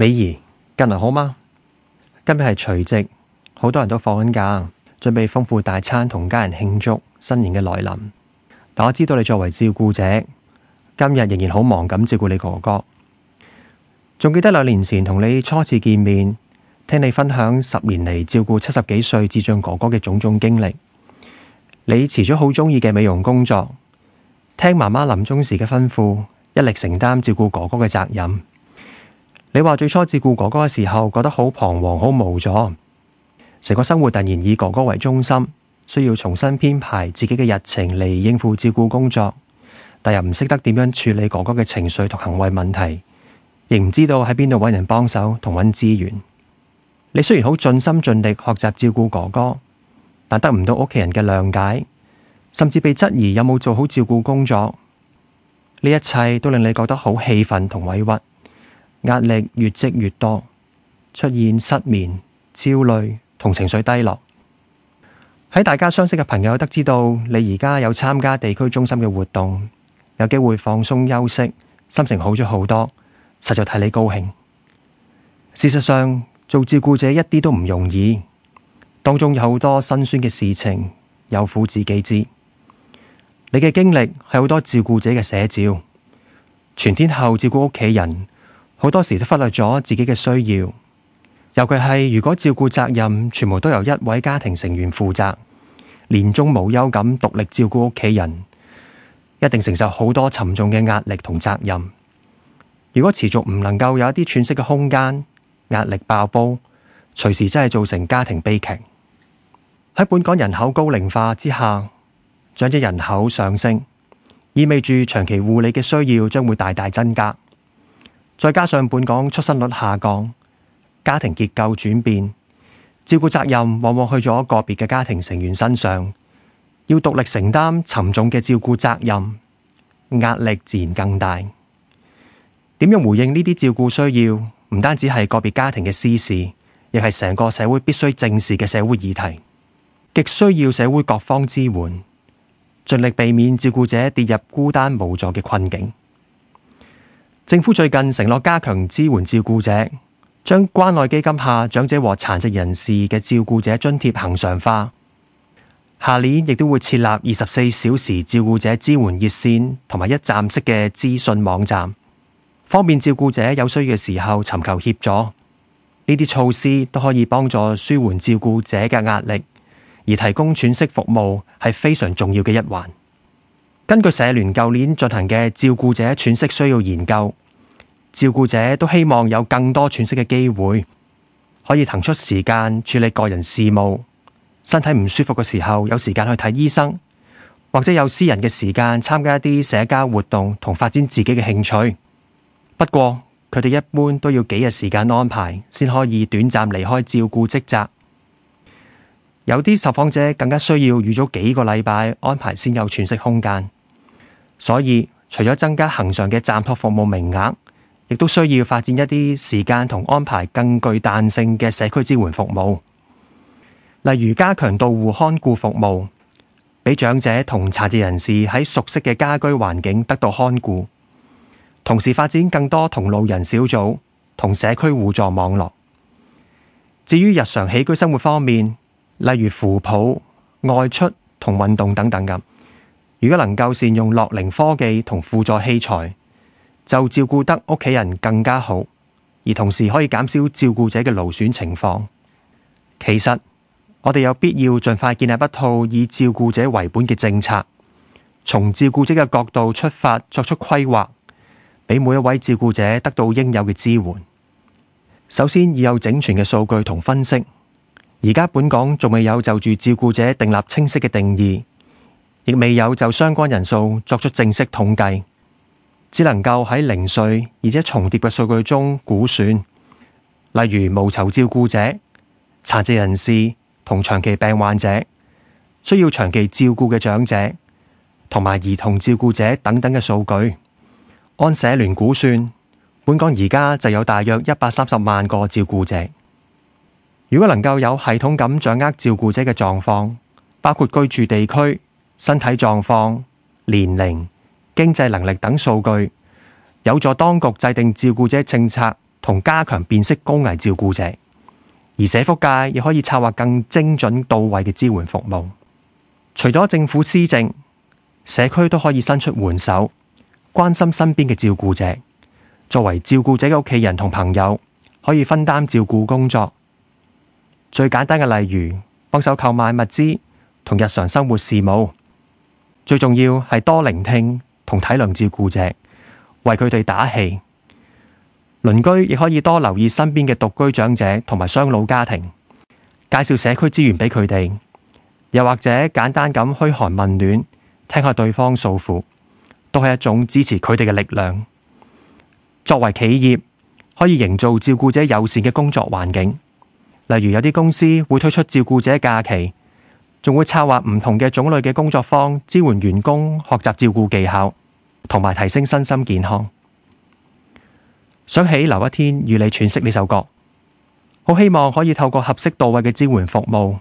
美儀，近來好嗎？今日係除夕，好多人都放緊假，準備豐富大餐同家人慶祝新年嘅來臨。但我知道你作為照顧者，今日仍然好忙咁照顧你哥哥。仲記得兩年前同你初次見面，聽你分享十年嚟照顧七十幾歲智障哥哥嘅種種經歷。你辭咗好鍾意嘅美容工作，聽媽媽臨終時嘅吩咐，一力承擔照顧哥哥嘅責任。你話最初照顧哥哥嘅時候，覺得好彷徨、好無助，成個生活突然以哥哥為中心，需要重新編排自己嘅日程嚟應付照顧工作，但又唔識得點樣處理哥哥嘅情緒同行為問題，亦唔知道喺邊度揾人幫手同揾資源。你雖然好盡心盡力學習照顧哥哥，但得唔到屋企人嘅諒解，甚至被質疑有冇做好照顧工作，呢一切都令你覺得好氣憤同委屈。壓力越積越多，出現失眠、焦慮同情緒低落。喺大家相識嘅朋友都知道，你而家有參加地區中心嘅活動，有機會放鬆休息，心情好咗好多，實在替你高興。事實上，做照顧者一啲都唔容易，當中有好多辛酸嘅事情，有苦自己知。你嘅經歷係好多照顧者嘅寫照，全天候照顧屋企人。好多時都忽略咗自己嘅需要，尤其係如果照顧責任全部都由一位家庭成員負責，年中無休咁獨力照顧屋企人，一定承受好多沉重嘅壓力同責任。如果持續唔能夠有一啲喘息嘅空間，壓力爆煲，隨時真係造成家庭悲劇。喺本港人口高齡化之下，長者人口上升，意味住長期護理嘅需要將會大大增加。再加上本港出生率下降，家庭結構轉變，照顧責任往往去咗個別嘅家庭成員身上，要獨立承擔沉重嘅照顧責任，壓力自然更大。點樣回應呢啲照顧需要，唔單止係個別家庭嘅私事，亦係成個社會必須正視嘅社會議題，極需要社會各方支援，盡力避免照顧者跌入孤單無助嘅困境。政府最近承諾加強支援照顧者，將關愛基金下長者和殘疾人士嘅照顧者津貼恆常化。下年亦都會設立二十四小時照顧者支援熱線同埋一站式嘅資訊網站，方便照顧者有需要嘅時候尋求協助。呢啲措施都可以幫助舒緩照顧者嘅壓力，而提供喘息服務係非常重要嘅一環。根據社聯舊年進行嘅照顧者喘息需要研究，照顧者都希望有更多喘息嘅機會，可以騰出時間處理個人事務，身體唔舒服嘅時候有時間去睇醫生，或者有私人嘅時間參加一啲社交活動同發展自己嘅興趣。不過佢哋一般都要幾日時間安排先可以短暫離開照顧職責，有啲受訪者更加需要預早幾個禮拜安排先有喘息空間。所以，除咗增加恒常嘅暫託服務名額，亦都需要發展一啲時間同安排更具彈性嘅社區支援服務。例如加強到戶看顧服務，俾長者同殘疾人士喺熟悉嘅家居環境得到看顧，同時發展更多同路人小組同社區互助網絡。至於日常起居生活方面，例如扶抱、外出同運動等等咁。如果能夠善用樂齡科技同輔助器材，就照顧得屋企人更加好，而同時可以減少照顧者嘅勞損情況。其實我哋有必要儘快建立一套以照顧者為本嘅政策，從照顧者嘅角度出發作出規劃，俾每一位照顧者得到應有嘅支援。首先要有整全嘅數據同分析，而家本港仲未有就住照顧者訂立清晰嘅定義。亦未有就相關人數作出正式統計，只能夠喺零碎而且重疊嘅數據中估算，例如無酬照顧者、殘疾人士同長期病患者需要長期照顧嘅長者同埋兒童照顧者等等嘅數據。按社聯估算，本港而家就有大約一百三十萬個照顧者。如果能夠有系統咁掌握照顧者嘅狀況，包括居住地區。身體狀況、年齡、經濟能力等數據，有助當局制定照顧者政策同加強辨識高危照顧者，而社福界亦可以策劃更精準到位嘅支援服務。除咗政府施政，社區都可以伸出援手，關心身邊嘅照顧者。作為照顧者嘅屋企人同朋友，可以分擔照顧工作。最簡單嘅例如，幫手購買物資同日常生活事務。最重要係多聆聽同體諒照顧者，為佢哋打氣。鄰居亦可以多留意身邊嘅獨居長者同埋雙老家庭，介紹社區資源俾佢哋，又或者簡單咁噓寒問暖，聽下對方訴苦，都係一種支持佢哋嘅力量。作為企業，可以營造照顧者友善嘅工作環境，例如有啲公司會推出照顧者假期。仲會策劃唔同嘅種類嘅工作坊，支援員工學習照顧技巧，同埋提升身心健康。想起留一天與你喘息呢首歌，好希望可以透過合適到位嘅支援服務，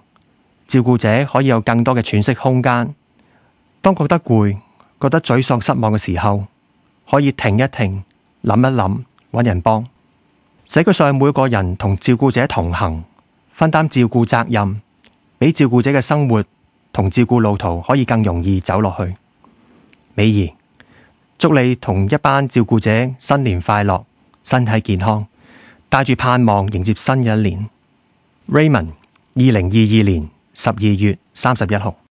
照顧者可以有更多嘅喘息空間。當覺得攰、覺得沮喪、失望嘅時候，可以停一停、諗一諗、揾人幫，社區上每個人同照顧者同行，分擔照顧責任。比照顧者嘅生活同照顧路途可以更容易走落去。美怡，祝你同一班照顧者新年快樂、身體健康，帶住盼望迎接新一年。Raymond，二零二二年十二月三十一號。